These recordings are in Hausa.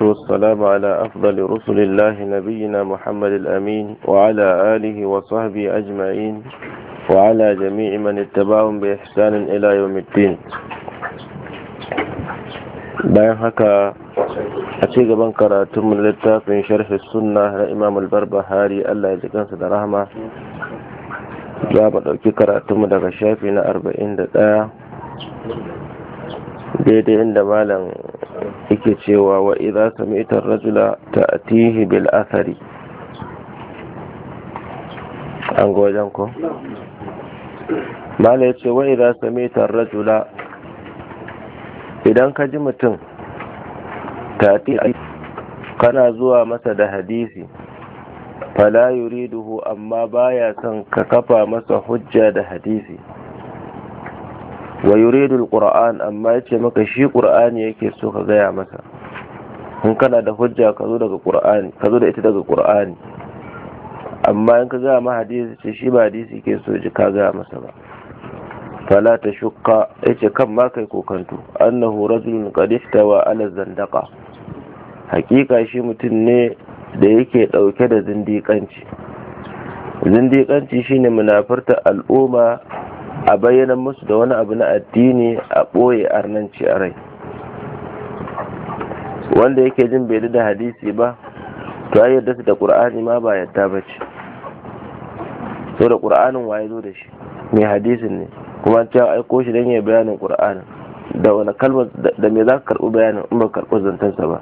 والسلام على أفضل رسل الله نبينا محمد الأمين وعلى آله وصحبه أجمعين وعلى جميع من اتبعهم بإحسان إلى يوم الدين بيان حكا حتيقة بنكرة من للتاف من شرح السنة لإمام البربهاري ألا إذا كان سيد رحمة جابت كرة تم لغشافنا أربعين دقائق daidai inda malam yake cewa wa idza sami'ta ar-rajula ta'tihi bil athari an gojan wajen ko malam yace wa idza sami'ta ar-rajula idan ka ji mutum ta'ti kana zuwa masa da hadisi fala yuriduhu amma baya son ka kafa masa hujja da hadisi wa yuridul qur'an amma yace maka shi qur'ani yake so ka gaya masa in kana da hujja ka zo daga qur'ani ka zo da ita daga qur'ani amma in ka gaya ma hadisi ce shi ba hadisi ke so ji ka gaya masa ba fala ta shukka yace kan ma kai kokanto annahu rajulun qad ihtawa ala zandaqa hakika shi mutum ne da yake dauke da zindikanci. zindiƙanci shine munafurta al'umma a bayyana musu da wani abu na addini a ɓoye arnanci a rai wanda yake jin bai da hadisi ba to ai yadda su da qur'ani ma ba yadda ba ce to da qur'anin waye zo da shi mai hadisin ne kuma an cewa aiko shi dan ya bayanin qur'anin da wani kalmar da me za ka karɓi bayanin in ba karɓi zantansa ba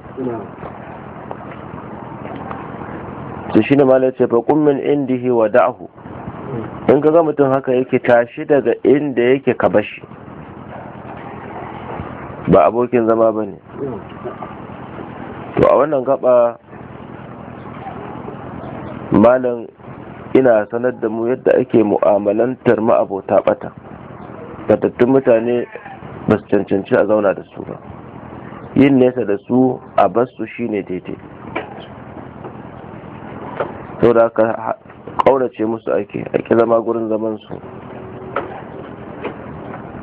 to shine malai ce fa qum min indihi wa da'hu in ga mutum haka yake tashi daga inda yake ka bashi ba abokin zama ba ne to a wannan gaba malam ina sanar da mu yadda ake mu'amalantar ma'abota bata batattun mutane ba su cancanci a zauna da su ba yin nesa da su a basu shine daidai ƙaurace musu ake ake zama gurin zaman su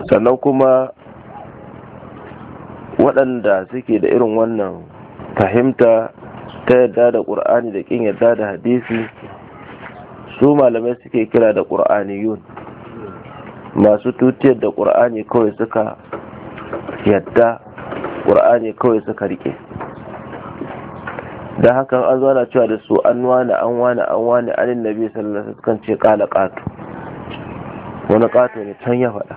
sannan kuma waɗanda suke da irin wannan fahimta ta yadda da ƙur'ani da ƙin yadda da hadisi su malamai suke kira da yun masu tutiyar da ƙur'ani kawai suka yadda ƙur'ani kawai suka rike da hakan an zo ana cewa da su an wani an wani an wani anin nabi sallallahu alaihi wasallam ce kala qatu wani qatu ne can ya faɗa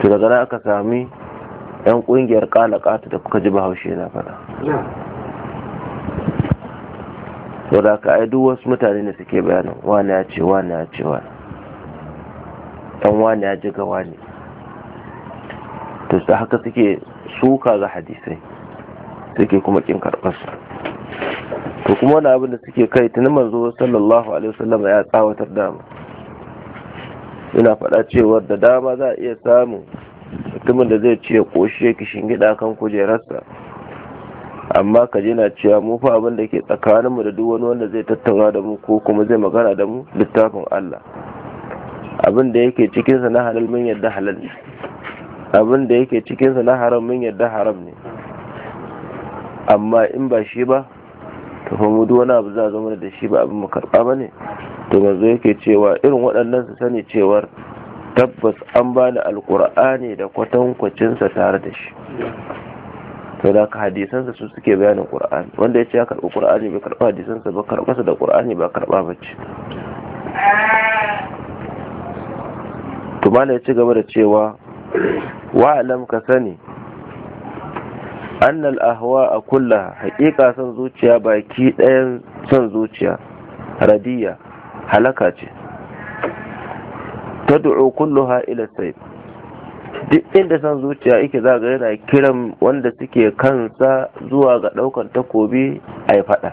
to daga nan aka sami yan kungiyar kala qatu da kuka ji bahaushe na faɗa to da ka ai duk wasu mutane ne suke bayani wani ya ce wani ya ce wani dan wani ya ji ga wani to haka suke suka ga hadisai suke kuma kin karɓarsa to kuma wani abin da suke kai tuni manzo sallallahu alaihi wasallam ya tsawatar da mu ina faɗa cewa da dama za a iya samu mutumin da zai ce koshe kishin gida kan kujerarsa amma ka ji na cewa mu fa abin da ke tsakaninmu da duk wani wanda zai tattauna da mu ko kuma zai magana da mu littafin Allah abin da yake cikinsa na halal mun yadda halal ne abin da yake sa na haram mun yadda haram ne amma in ba shi ba ta famu mudu wani abu za a zama da shi ba abin mu karba ba ne to manzo yake cewa irin waɗannan su sani cewar tabbas an bani alkur'ani da kwatankwacinsa tare da shi to da ka hadisansa su suke bayanin qur'ani wanda ya ce ya karɓi qur'ani bai karɓa hadisansa ba karɓarsa da qur'ani ba karɓa ba ce to ya ci gaba da cewa wa'alam ka sani annal ahwa a kulla haƙiƙa son zuciya baki ɗayan son zuciya radiyya halaka ce ta du'u ha ila sai duk inda son zuciya yake za ga yana kiran wanda suke kansa zuwa ga ɗaukar takobi a yi faɗa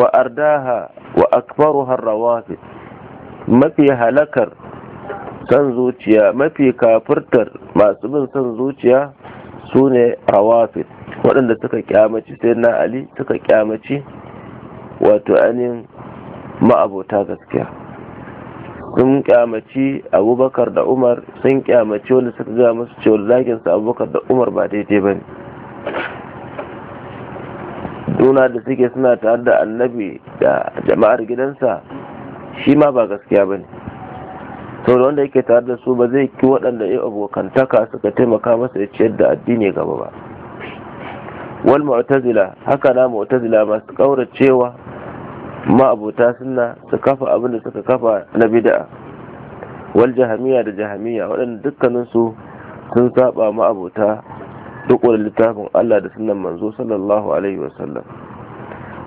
wa ardaha wa har rawafid mafi halakar san zuciya mafi kafirtar masu bin san zuciya su ne rawafid waɗanda suka kyamaci sai na ali suka kyamaci wato anin ma'abota gaskiya sun kyamaci abubakar da umar sun kyamaci wanda suka gaya masu cewa su abubakar da umar ba daidai ba ne duna da suke suna tare da annabi da jama'ar gidansa shi ma ba gaskiya ba ne saboda wanda yake tare da su ba zai ki waɗanda ya abokantaka suka taimaka masa ya ciyar da addini gaba ba wal mu'tazila haka na mu'tazila masu kauracewa ma abota sunna su kafa abin da suka kafa na bid'a wal jahamiya da jahamiya waɗanda dukkanin su sun saba ma abota duk wani littafin Allah da sunan manzo sallallahu alaihi wasallam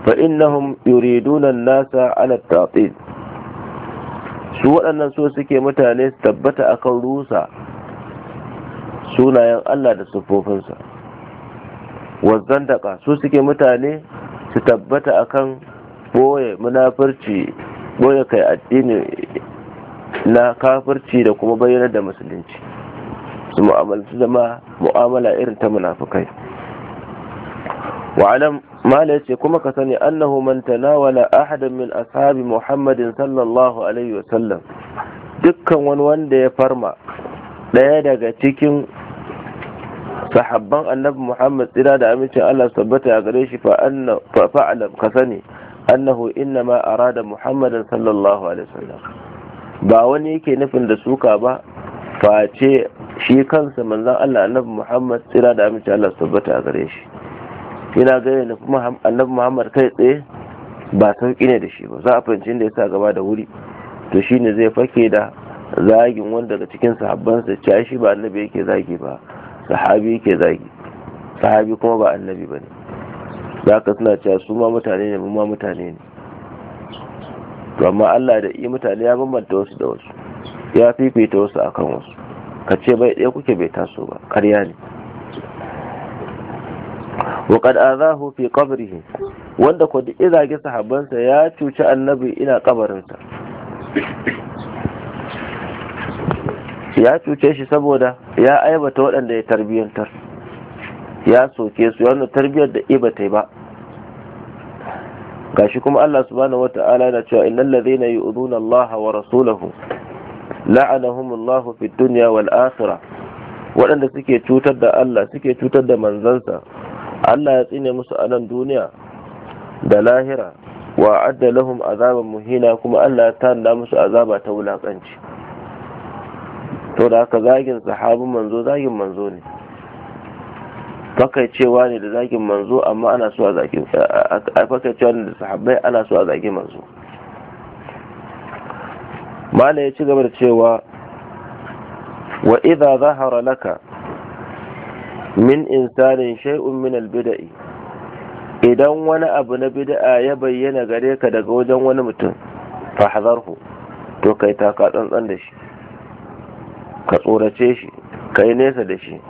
fa innahum yuriduna an-nasa ala at su waɗannan so suke mutane su tabbata akan rusa sunayen Allah da siffofinsa wazzandaka su suke mutane su tabbata akan boye munafurci boye kai addini na kafirci da kuma bayyanar da musulunci su mu'amalci zama mu'amala irin ta munafukai wa'alam mala yace kuma ka sani annahu man tanawala ahadan min ashabi muhammadin sallallahu alaihi wa sallam dukkan wani wanda ya farma daya daga cikin sahabban annabi muhammad tsira da amincin allah sabbata a gare shi fa'alam ka sani annahu inna ma arada muhammadan sallallahu alaihi wa sallam ba wani yake nufin da suka ba face shi kansa manzon allah annabi muhammad tsira da amincin allah sabbata a gare shi yana da na annabi muhammad kai tsaye ba sauƙi ne da shi ba za a fahimci da ya sa gaba da wuri to shi ne zai fake da zagin wanda daga cikin sahabbansa cewa shi ba annabi yake zagi ba sahabi yake zagi sahabi kuma ba annabi ba ne za ka suna cewa su ma mutane ne mu ma mutane ne to amma Allah da yi mutane ya bambanta wasu da wasu ya fifita wasu akan wasu ka ce bai ɗaya kuke bai taso ba ƙarya ne wa qad azahu fi wanda ko duk izage sahabbansa ya cuci annabi ina kabarinsa ya cuce shi saboda ya aibata waɗanda ya tarbiyyantar ya soke su yana tarbiyyar da ibata ba gashi kuma Allah subhanahu wata'ala yana cewa innal ladhina yu'dhuna Allah wa rasulahu la'anahum Allah fi dunya wal akhirah waɗanda suke cutar da Allah suke cutar da manzansa Allah ya tsine musu a nan duniya da lahira wa adda lahum azaban muhina kuma Allah ya tanda musu azaba ta wulakanci to da haka zagin sahabin manzo zagin manzo ne fakaicewa ne da zagin manzo amma ana so a zagin fakaicewa ne da sahabbai ana so a zagin manzo mala ya ci gaba da cewa wa idza zahara laka min insanin shay'un min albida'i idan wani abu na bid'a ya bayyana gare ka daga wajen wani mutum fahzarhu to kai taka tsantsan da shi ka tsorace shi kai nesa da shi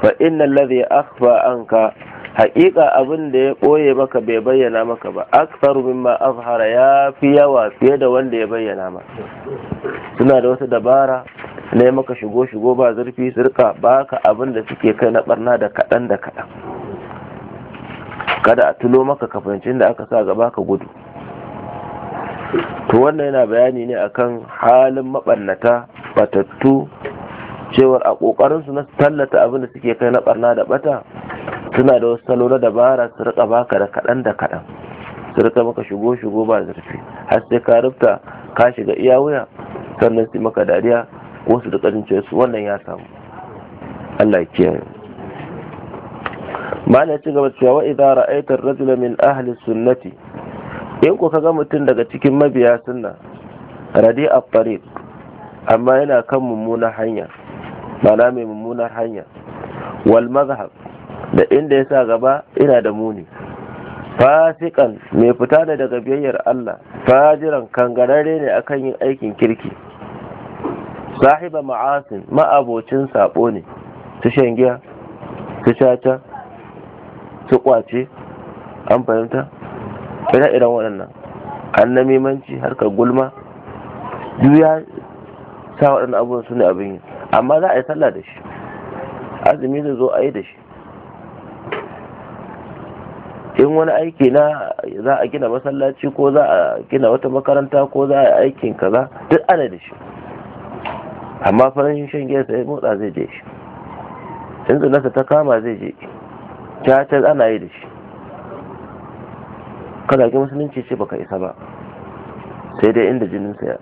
fa innal ladhi akhfa anka haƙiƙa abin da ya ɓoye maka bai bayyana maka ba aksaru mimma azhara ya fi yawa fiye da wanda ya bayyana ma suna da wasu dabara ne maka shigo shigo ba zurfi su rika ka abin da suke kai na barna da kaɗan da kaɗan kada a tulo maka kafancin da aka sa gaba ka gudu to wannan yana bayani ne akan halin maɓannata batattu cewar a ƙoƙarinsu na tallata abin da suke kai na barna da bata suna da wasu salo na dabara su rika baka da kaɗan da kaɗan su rika maka shigo shigo ba zurfi har sai ka rufta ka shiga iya wuya sannan su maka dariya Wasu da rika cewa wannan ya samu Allah ke. kiyaye ya ci gaba cewa wa idza ra'aitar rajula min ahli sunnati in ku ga mutum daga cikin mabiya sunna radi a farid amma yana kan mummunar hanya mana mai mummunar hanya wal mazhab da inda ya sa gaba ina da muni fasikan mai fita ne daga biyayyar Allah fajiran kangararre ne akan yin aikin kirki sahiba ma'asin ma'abocin sabo ne su shan giya su caca su kwace an fahimta ina irin waɗannan an mimanci harkar gulma duk ya sa waɗannan abubuwan su ne abin yi amma za a yi sallah da shi azumi zai zo a yi da shi in wani aiki na za a gina masallaci ko za a gina wata makaranta ko za a yi aikin kaza duk ana da shi amma farin shan giya sai motsa zai je shi in nasa ta kama zai je cacar ana yi da shi kada ki musulunci ce baka isa ba sai dai inda jinin saya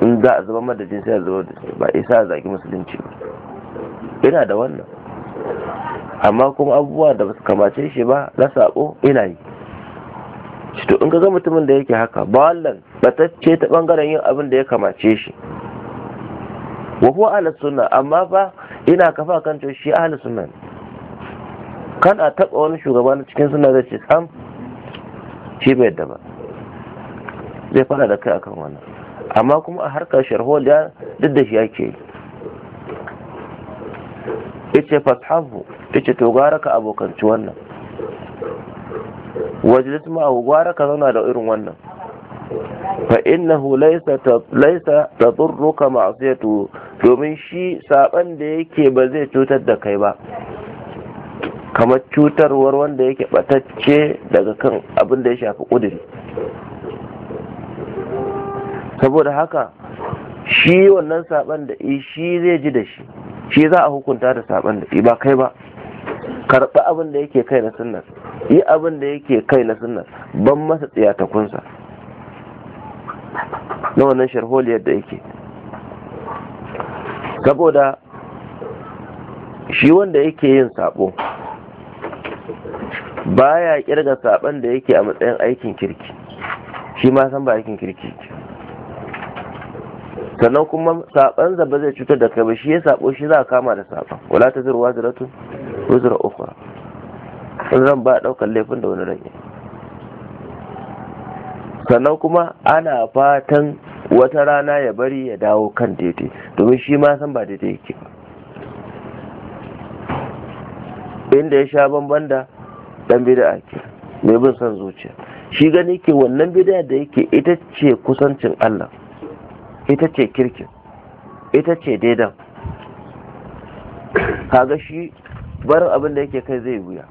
in za a zuba mada jin sai a zuba da ba isa a zaki musulunci ba ina da wannan amma kuma abubuwa da ba su kamace shi ba na sabo ina yi to in ga mutumin da yake haka ba wallan batacce ta bangaren yin abin da ya kamace shi wa huwa ahlus sunna amma fa ina kafa kan to shi ahlus sunna Kan a taba wani shugaba na cikin sunna zai ce sam shi bai yadda ba zai fara da kai akan wannan amma kuma a harkar sharhol ya duk da shi yake yi yace fashahu yace to gara ka abokanci wannan wajilis ma gara ka zauna da irin wannan فإنه ليس ليس تضرك معصيته domin shi saban da yake ba zai cutar da kai ba kamar cutarwar wanda yake batacce daga kan abin da ya shafi ƙudiri saboda haka shi wannan saban da shi zai ji da shi shi za a hukunta da saban da ba kai ba karɓi abin da yake kai na sunan yi abin da yake kai na sunan ban masa tsiyatakunsa na wannan sharholiyar da yake saboda shi wanda yake yin sabo baya kirga sabon da yake a matsayin aikin kirki shi ma san ba aikin kirki sannan kuma sabon zaba zai cutar da kai ba shi ya sabo shi za a kama da sabon wala ta zirwa ziratu wuzra ukhra zan ba daukar laifin da wani ranye sannan kuma ana fatan wata rana ya bari ya dawo kan daidai domin shi ma san ba daidai yake ba inda ya sha bamban da dan bid'a ke mai bin son zuciya shi gani ke wannan bid'a da yake ita ce kusancin Allah ita ce kirkin ita ce daidan kaga shi barin abin da yake kai zai wuya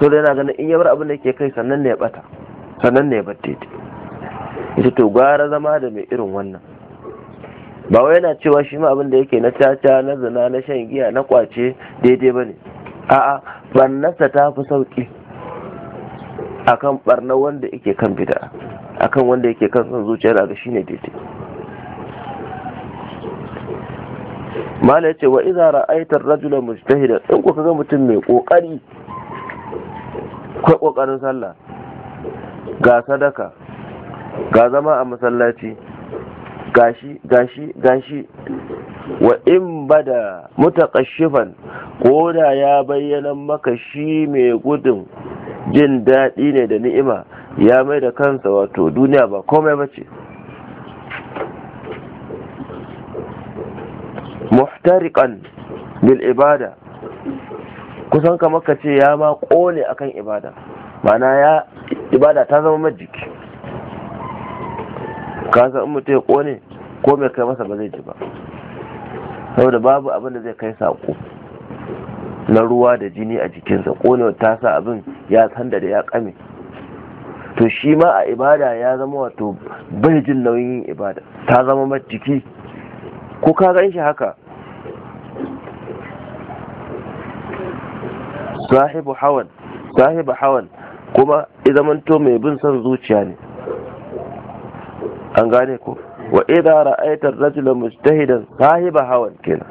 to da yana ganin in ya bar abin da yake kai sannan ne ya bata sannan ne batte ta ita to gara zama da mai irin wannan ba wai yana cewa shi ma abinda yake na caca na zina na shan giya na kwace daidai ba ne a'a barnarsa ta fi sauki akan barnar wanda yake kan bida akan wanda yake kan son daga shi ne daidai mala yace wa idza ra'aita ar-rajula mujtahida in ku kaga mutum mai kokari ko kokarin sallah ga sadaka ga zama a masallaci gashi gashi gashi wa in bada mutaqashifan ko da ya bayyana maka shi mai gudun jin daɗi ne da ni'ima ya mai da kansa wato duniya ba komai ba ce muhtariqan bil ibada kusan kamar ka ce ya ma kone akan ibada mana ya ibada ta zama majiki ka san in mutum ya kone ko mai kai masa ba zai ji ba saboda babu abin da zai kai sako na ruwa da jini a jikinsa konewa ta sa abin ya sanda da ya kame to shi ma a ibada ya zama wato bai jin nauyin yin ibada ta zama majiki ko ka gan shi haka sahibu hawan sahibu hawan kuma izamanto mai bin son zuciya ne an gane ko wa idan ra'aitar rajula mujtahidan sahiba hawan kenan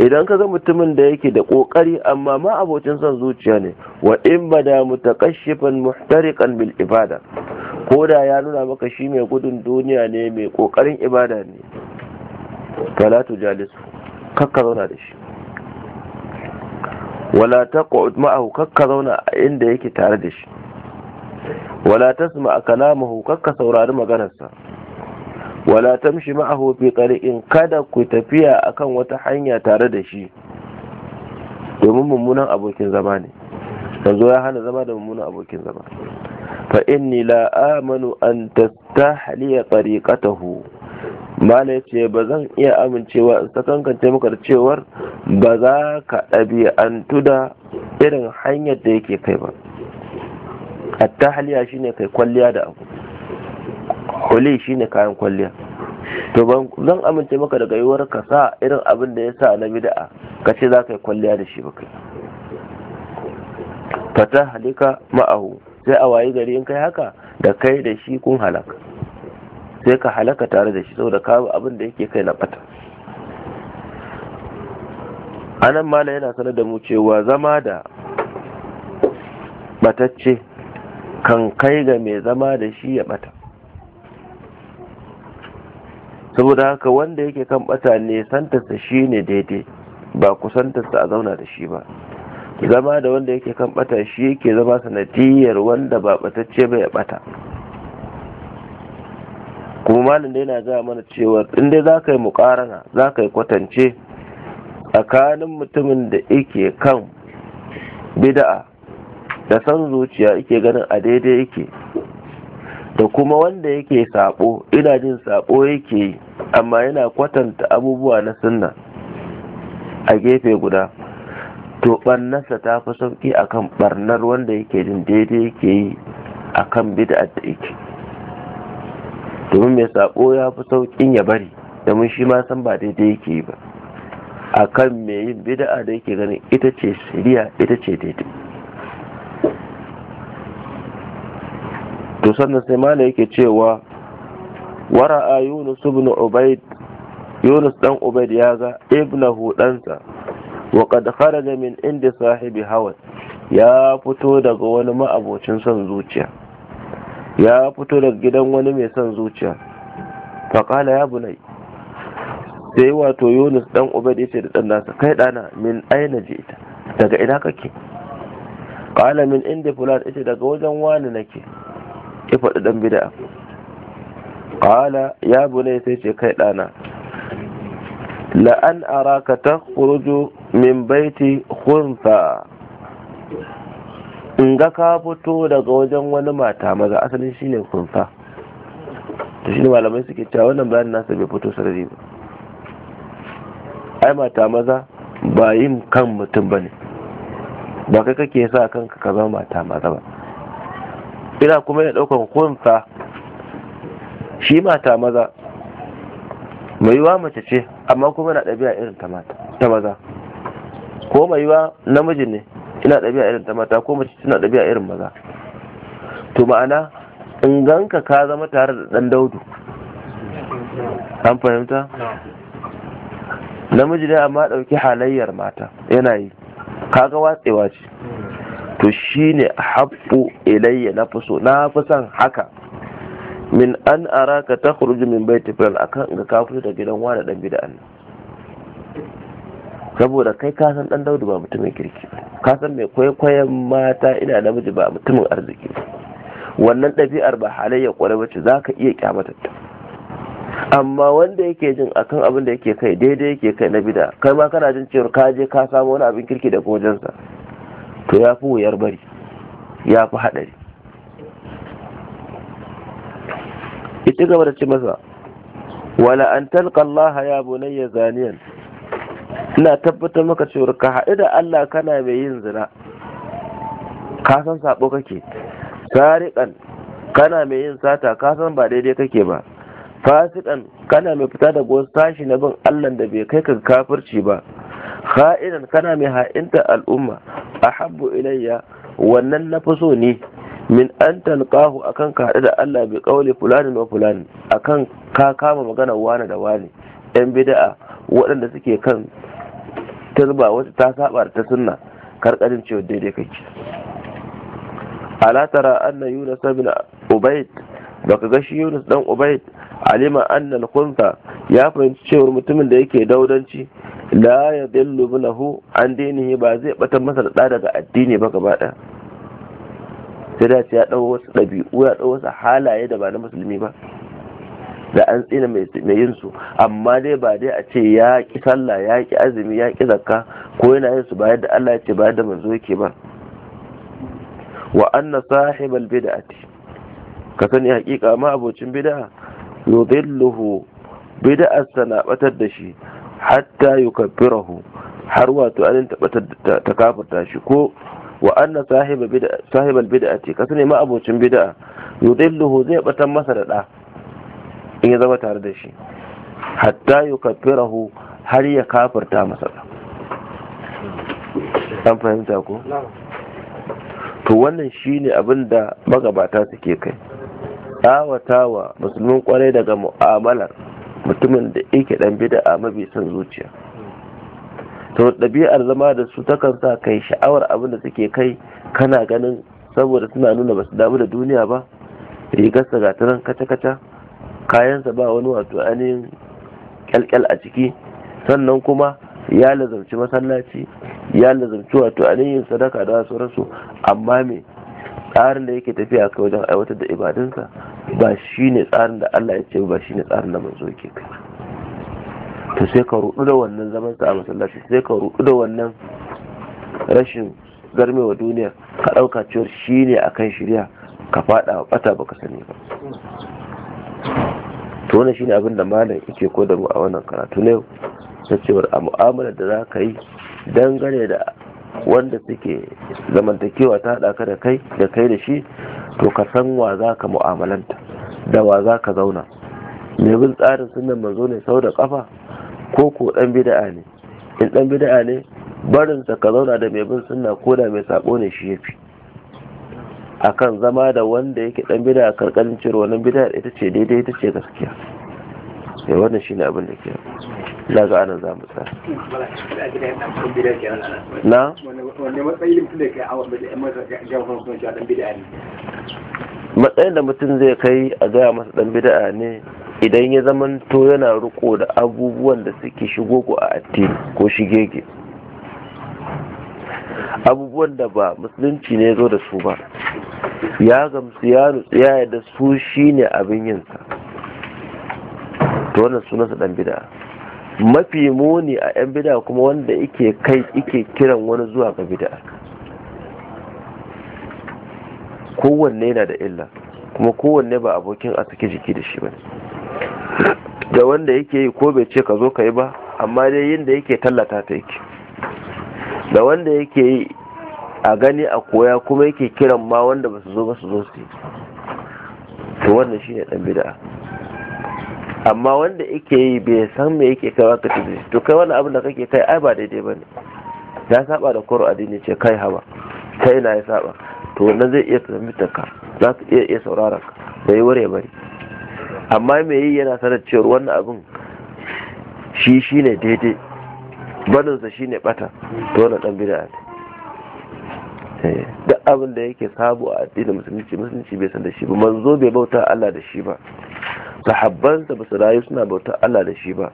idan ka ga mutumin da yake da kokari amma ma abocin son zuciya ne wa in bada mutakashifan muhtariqan bil ibada ko da ya nuna maka shi mai gudun duniya ne mai kokarin ibada ne fala jalisu kakka zauna da shi wala taq'ud ma'ahu kakka zauna a inda yake tare da shi wala ta tasma kalamahu kakka saurari maganarsa wala ta tamshi ma'ahu fi tariqin kada ku tafiya akan wata hanya tare da shi domin mummunan abokin zama ne yanzu ya hana zama da mummunan abokin zama fa inni la amanu an tastahliya tariqatahu mala ce ba zan iya amincewa in sakankance maka da cewar ba za ka ɗabi'antu da irin hanyar da yake kai ba hatta haliya ne kai kwalliya da abu shi ne kayan kwalliya to zan amince maka da yiwuwar ka sa irin abin da ya sa na bid'a ka ce za ka yi kwalliya da shi ba kai fata halika ma'ahu sai a wayi gari in kai haka da kai da shi kun halaka sai ka halaka tare da shi saboda kawo abin da yake kai na fata anan mala yana sanar da mu cewa zama da batacce kan kai ga mai zama da shi ya bata saboda haka wanda yake kan bata ne santarsa shi ne daidai ba kusantarsa a zauna da shi ba zama da wanda yake kan bata shi yake zama sanadiyar wanda ba batacce ba ya bata kuma malin da yana gaya mana cewa in dai za ka yi mukarana za ka yi kwatance tsakanin mutumin da yake kan bida'a da san zuciya yake ganin a daidai yake da kuma wanda yake sabo ina jin sabo yake yi amma yana kwatanta abubuwa na sunna a gefe guda to barnarsa ta fi sauki akan barnar wanda yake jin daidai yake yi akan bid'a da yake domin mai sabo ya fi saukin ya bari domin shi ma san ba daidai yake yi ba a kan mai yin bida'a da yake ganin ita ce shirya ita ce daidai to sannan sai mana yake cewa a yunus ibn obaid yunus dan ubaid ya ga ibnahu ɗansa wa qad kharaja min inda sahibi hawa ya fito daga wani ma'abocin son zuciya ya fito daga gidan wani mai son zuciya faƙala ya bunai sai wato yunus dan ubaid ya ce da ɗan nasa kai ɗana min aina je ita daga ina kake ƙala min inda fulan ita daga wajen wani nake ya faɗi dan bida ƙala ya bunai sai ce kai ɗana la'an araka ta min baiti hunsa in ga ka fito daga wajen wani mata maza asalin shi shine Da shi ne malamai suke cewa wannan bayan nasa bai fito sarari ba ai mata maza ba yin kan mutum bane ba kai kake sa kanka ka zama mata maza ba ina kuma yana daukan kunsa shi mata maza mai yiwa mace ce amma kuma na ɗabi'a irin ta mata ta maza ko mai yiwa namiji ne ina ɗabi'a irin ta mata ko mace suna ɗabi'a irin maza to ma'ana in ganka ka zama tare da ɗan daudu an fahimta namiji dai amma ɗauki halayyar mata yana yi kaga watsewa ce to shine haɓɓo ilayya na fi na fi son haka min an ara araka ta min baiti akan ga kafin da gidan wani ɗan bida'an annan. saboda kai kasan san dan daudu ba mutumin kirki ka san mai kwaikwayon mata ina namiji ba mutumin arziki wannan ɗabi'ar ba halayya kwarai bace za ka iya kyamatar ta amma wanda yake jin akan abin da yake kai daidai yake kai na bida kai ma kana jin cewa ka je ka samu wani abin kirki daga wajensa to ya fi wuyar bari ya fi haɗari ita gaba da ci masa wala an talqa Allah ya bunayya zaniyan ina tabbatar maka cewar ka haɗu da Allah kana mai yin zina ka san sabo kake sariƙan kana mai yin sata ka san ba daidai kake ba fasikan kana mai fita da wasu tashi na bin Allah da bai kai ka kafirci ba ha'inan kana mai ha'inta al'umma A ahabbu ilayya wannan na so ne min an talqahu akan ka haɗu da Allah bi qawli fulani wa fulani akan ka kama magana wani da wani yan bida'a waɗanda suke kan tarba wasu ta saba ta sunna karkarin cewa daidai kake latara anna yunus bin ubayd baka ga shi yunus dan ubayd alima anna al ya fahimci cewar mutumin da yake daudanci la ya dillu bilahu an dinihi ba zai batar masa da daga addini ba gaba ɗaya sai da ya ɗau wasu ɗabi'u ya ɗau wasu halaye da ba na musulmi ba da an tsina mai yin su amma dai ba dai a ce ya ki sallah ya ki azumi ya ki zakka ko yana yin su bayan da Allah ya ce bayan da manzo yake ba wa anna sahibal bid'ati ka sani hakika ma abocin bid'a yudilluhu bid'at sanabatar batar da shi hatta yukaffirahu har wato an tabbatar ta kafirta shi ko wa anna sahibal bid'ati ka sani ma abocin bid'a yudilluhu zai batan masa da da in ya zama tare da shi hatta raho har ya kafirta masa an fahimta ko to wannan shine abin da magabata suke kai wa musulmin kwarai daga mu'amalar mutumin da yake dan a mabi son zuciya to ɗabi'ar zama da su takan sa kai sha'awar abin da suke kai kana ganin saboda suna nuna ba su damu da duniya ba rigar ga ta nan kaca-kaca kayansa ba wani wato ainihin kyalkyal a ciki sannan kuma ya lazarci masallaci ya lazarci wato ainihin sadaka da sauransu amma me tsarin da yake tafiya kai wajen aiwatar da ibadunsa ba shine tsarin da Allah ya ce ba shine tsarin da manzo yake kai to sai ka rudu da wannan zaman sa a masallaci sai ka rudu da wannan rashin garmewa duniya ka dauka cewar shine akan shirya ka fada bata baka sani ba to wannan shine abin da malam yake mu a wannan karatu ne ta cewar a mu'amala da za ka yi dangane da wanda suke zamantakewa ta haɗa ka da kai da kai da shi to ka san wa za ka mu'amalanta da wa za ka zauna me bin tsarin sunan manzo ne sau da kafa ko ko dan bid'a ne in dan bid'a ne barinsa ka zauna da mai bin sunna ko da mai sabo ne shi yafi akan zama da wanda yake dan bida a karkarin cire wannan bida ita ce daidai ita ce gaskiya sai eh, wannan shine abin da ke ina ga anan za mu tsara na matsayin da mutum zai kai a gaya masa dan bida'a ne idan ya zaman to yana riko da abubuwan da suke shigo ko a addini ko shigege abubuwan da ba musulunci ne zo da su ba ya gamsu ya nutsu ya da su shine abin yinsa to wannan sunansa dan bid'a mafi muni a yan bid'a kuma wanda ike kai ike kiran wani zuwa ga bid'a kowanne yana da illa kuma kowanne ba abokin a saki jiki da shi bane da wanda yake yi ko bai ce ka zo ka yi ba amma dai yin da yake tallata ta yake da wanda yake yi a gani a koya kuma yake kiran ma wanda ba su zo ba su zo su to wannan shine dan bid'a amma wanda yake yi bai san me yake kai ka tafi to kai wannan abin da kake kai ai ba daidai ba ne. ya saba da qur'ani ne ce kai haba kai na ya saba to wannan zai iya tsamita ka za ka iya iya saurara ka bai ware bari amma me yi yana sanar cewa wannan abin shi shine daidai barinsa shine bata to wannan dan bid'a ne duk abin da yake sabu a addinin musulunci musulunci bai san da shi ba manzo bai bauta Allah da shi ba sa ba su rayu suna bauta Allah da shi ba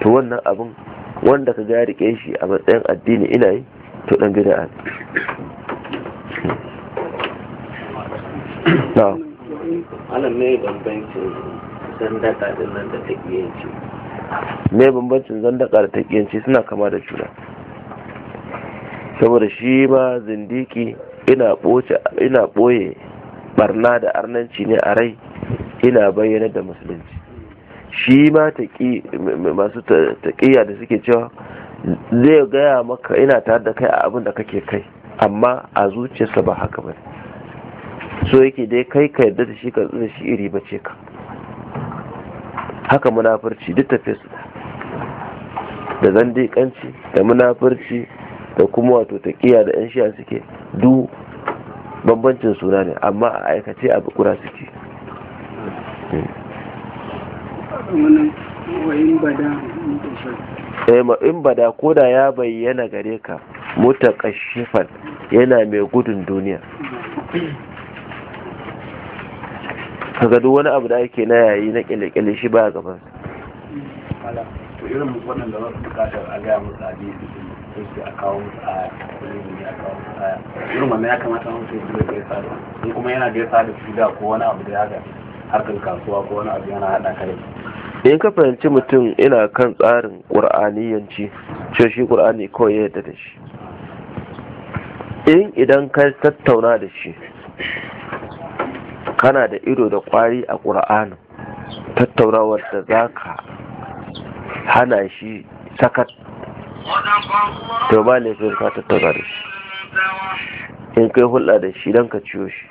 to wannan abin wanda ka ga rike shi a matsayin addini ina yi to dan bid'a na alam ne bambancin zandaka da nan da takiyanci ne bambancin zandaka da suna kama da juna saboda shi ma zindiki ina ɓoye barna da arnanci ne a rai ina bayyana da musulunci shi ma masu taƙiya da suke cewa zai gaya maka ina tare da kai a abin da kake kai amma a zuciyarsa ba haka ba so yake dai kai ka yarda da shi ka da shi iri ba ce ka haka munafurci duk da zandikanci da munafurci da kuma wato ta kiya da yan shi'a suke du bambancin suna ne amma a aikace a bukura suke eh, in bada ko da ya bayyana gare ka mota kashifan yana mai gudun duniya ka duk wani abu da ake na yayi na kyalekyale shi ba gaban sai su a kawo musu aya a kawo irin wannan ya kamata mun sai da da gaisa da in kuma yana gaisa da su da ko wani abu da ya ga harkar kasuwa ko wani abu yana hada ka in ka fahimci mutum ina kan tsarin ƙur'aniyanci ce shi ƙur'ani ko ya yadda da shi in idan ka tattauna da shi kana da ido da ƙwari a ƙur'anin tattaunawar da za ka hana shi sakat to ba laifin ka tattara da shi in kai hulɗa da shi don ka ciyo shi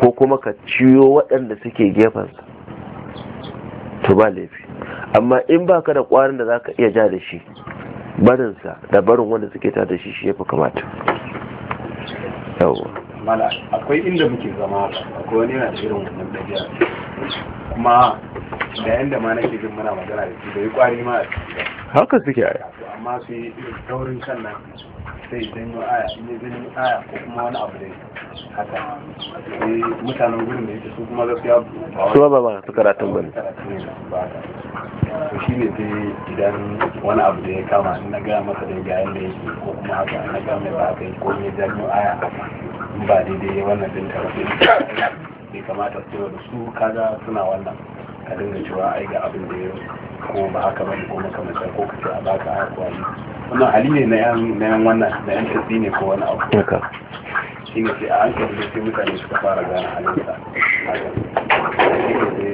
ko kuma ka ciyo waɗanda suke gefensa to ba laifi amma in ba ka da ƙwarin da za ka iya ja da shi barinsa da barin wanda suke ta da shi shi ya fi kamata yawwa akwai inda muke zama akwai wani yana irin wannan ɗabi'a kuma da yanda ma nake jin muna magana da shi da kwari ma a ciki haka suke aya amma su yi taurin kan nan sai janyo aya in yi janyo aya ko kuma wani abu da haka sai eh, mutanen gurin da yake su kuma gaskiya ba su ba ba su karatun ba ne to shi ne sai idan wani abu da ya kama in na gaya masa da ga yanda yake ko kuma haka na gaya mai ba haka ko me janyo aya in ba daidai wannan din ta rufe kamata su da su kaga suna wannan a dinga cewa ai ga abin da ya ko ba haka bane ko makamantar ko ka a baka haka wani wannan hali ne na yan na yan wannan na yan tsitsi ne ko wani abu haka sai a hankali da sai mutane suka fara gane halinsa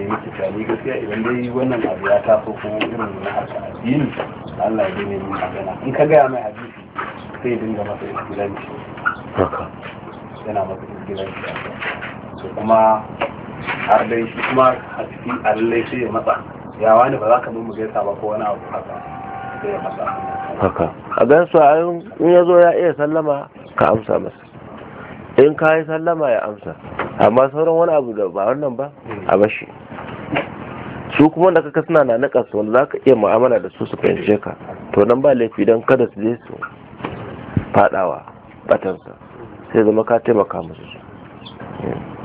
mutane gaskiya idan dai wannan abu ya taso ko irin na haka addini Allah ya dane mu magana in ka gaya mai hadisi sai dinga masa iskilanci yana masa kuma har dai shi kuma a ciki allai lallai sai ya matsa ya wani ba za ka mu gaisa ba ko wani abu haka sai ya matsa haka a gaisuwa in ya zo ya iya sallama ka amsa masa in ka yi sallama ya amsa amma sauran wani abu da ba wannan ba a bashi su kuma da kaka suna na nakas wanda za ka iya mu'amala da su su fahimce ka to nan ba laifi don kada su je su fadawa batansa sai zama ka taimaka musu hmm.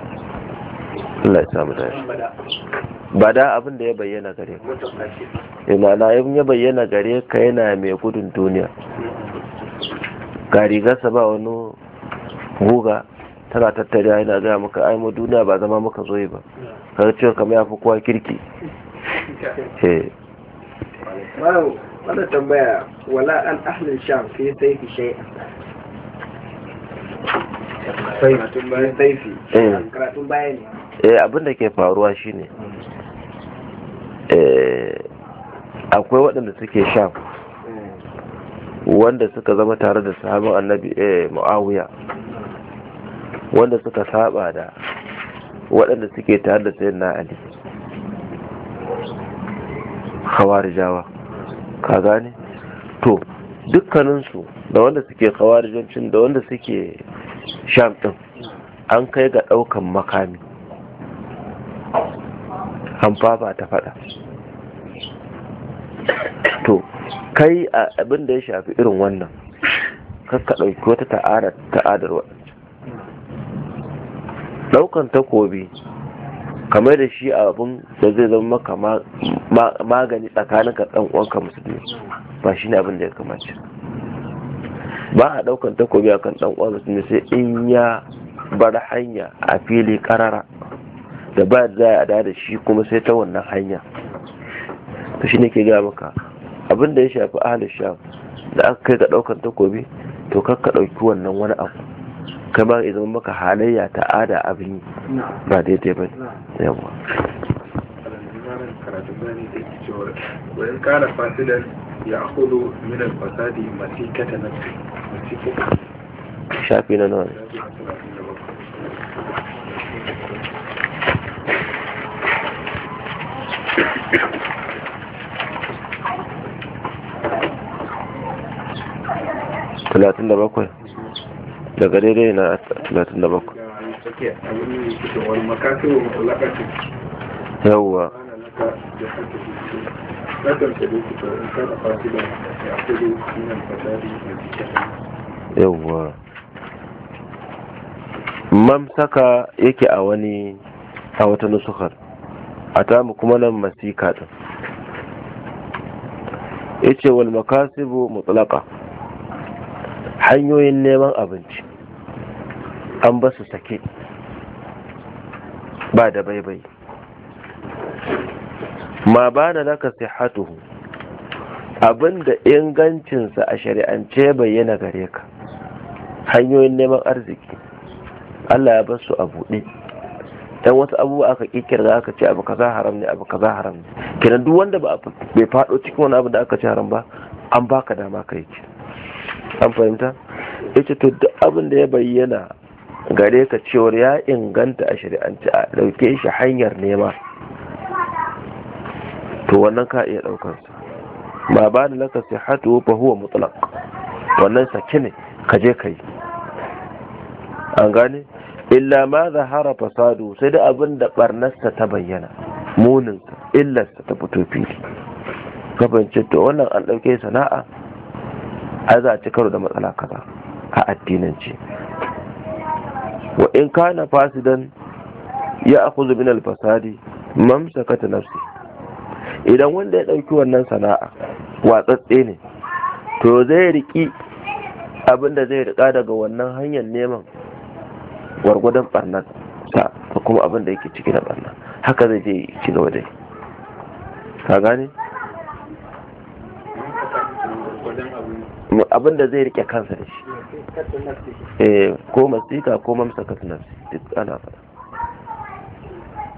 Allah ya samu tashi ba da abin da ya bayyana gare ka imana in ya bayyana gare ka yana mai gudun duniya ga rigarsa ba wani guga tana tattare yana gaya maka ai mu duniya ba zama muka zoye ba kaga cewa kamar ya fi kowa kirki eh wannan tambaya wala an ahlin sham fi saifi shay'an karatun baya Eh, abinda ke faruwa shine eh, akwai waɗanda suke sham wanda suka zama tare da sahabin annabi eh, ma'awuya wanda suka saba da waɗanda suke tare da sayin na ali khawarijawa ka gane to dukkaninsu da wanda suke khawarijancin da wanda suke sham ɗin an kai ga ɗaukan makami an faba ta faɗa to kai abin da ya shafi irin wannan kakka ɗauki wata ta'adar waɗancan ɗaukan takobi kamar da shi abin da zai zama maka magani tsakanin ka ɗan uwanka musulmi ba shi ne abin da ya kamace ba a ɗaukan takobi a kan ɗan uwan musulmi sai in ya bar hanya a fili karara da ba za a da shi kuma sai ta wannan hanya to shi ne ke ga maka abin da ya shafi ahalar sham da aka kai ga daukan takobi to kar ka wannan wani abu kai ba zama maka halayya ta ada abin yi ba daidai ba yawa ya shafi na nawa talatin da bakwai daga daidai na talatin da bakwai yawwa yawwa mamsaka yake a wani a wata nusukar a tamu kuma nan masika din yace wal makasibu mutlaqa hanyoyin neman abinci an ba su sake ba da baibai ma ba da laka sihatuhu abinda ingancinsa a shari'ance bayyana gare ka hanyoyin neman arziki Allah ya su a buɗe dan wasu abubuwa aka kirkira aka ce abu kaza haram ne abu kaza haram ne kenan duk wanda ba bai fado cikin wani abu da aka ce haram ba an baka dama ka yi an fahimta yace to duk abin da ya bayyana gare ka cewar ya inganta a shari'ance a dauke shi hanyar nema to wannan ka iya daukar sa ma ba da laka sihhatu fa huwa mutlaq wannan sake ka je ka yi an gane illa ma zahara fasadu sai da abin da barnarsa ta bayyana muninsa illarsa ta fito fili kafance to wannan an ɗauke sana'a a za ci karo da matsala kaza a addinance wa in kana fasidan ya akuzu min alfasadi ta nafsi idan wanda ya ɗauki wannan sana'a watsatse ne to zai riki abin zai rika daga wannan hanyar neman gwargwadon barnan sa da kuma abin da yake ciki na barna haka zai je ci gaba dai. ka gane abin da zai rike kansa da shi eh ko masika ko mamsaka nafsi duk ana fada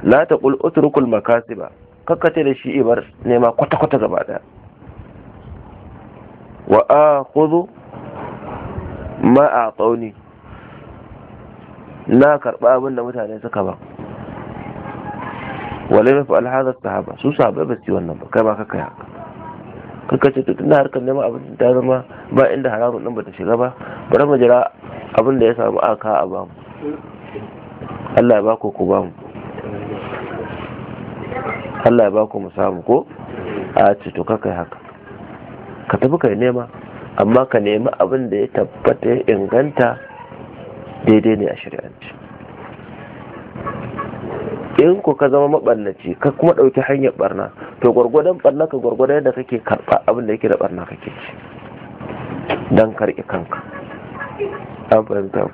la taqul utrukul makasiba kakkace da shi ibar nema kwata kwata gaba daya wa akhudhu ma a'tawni na karɓa abin da mutane suka ba wale mafi alhazar sahaba su sahabai ba su wannan ba kai ba kaka ya kaka ce tutun da harkar neman abin ta zama ba inda haramun din ba ta shiga ba bari mu jira abin da ya samu aka a bamu Allah ya ba ku ku bamu Allah ya ba ku mu samu ko a ce to kaka haka ka tafi kai nema amma ka nemi abin da ya tabbata ya inganta daidai ne a shari'anci in ku ka zama maɓallaci ka kuma ɗauki hanyar ɓarna, to gwargwadon barna ka gwargwadon yadda kake karɓa abin da yake da barna kake ci don karɓi kanka an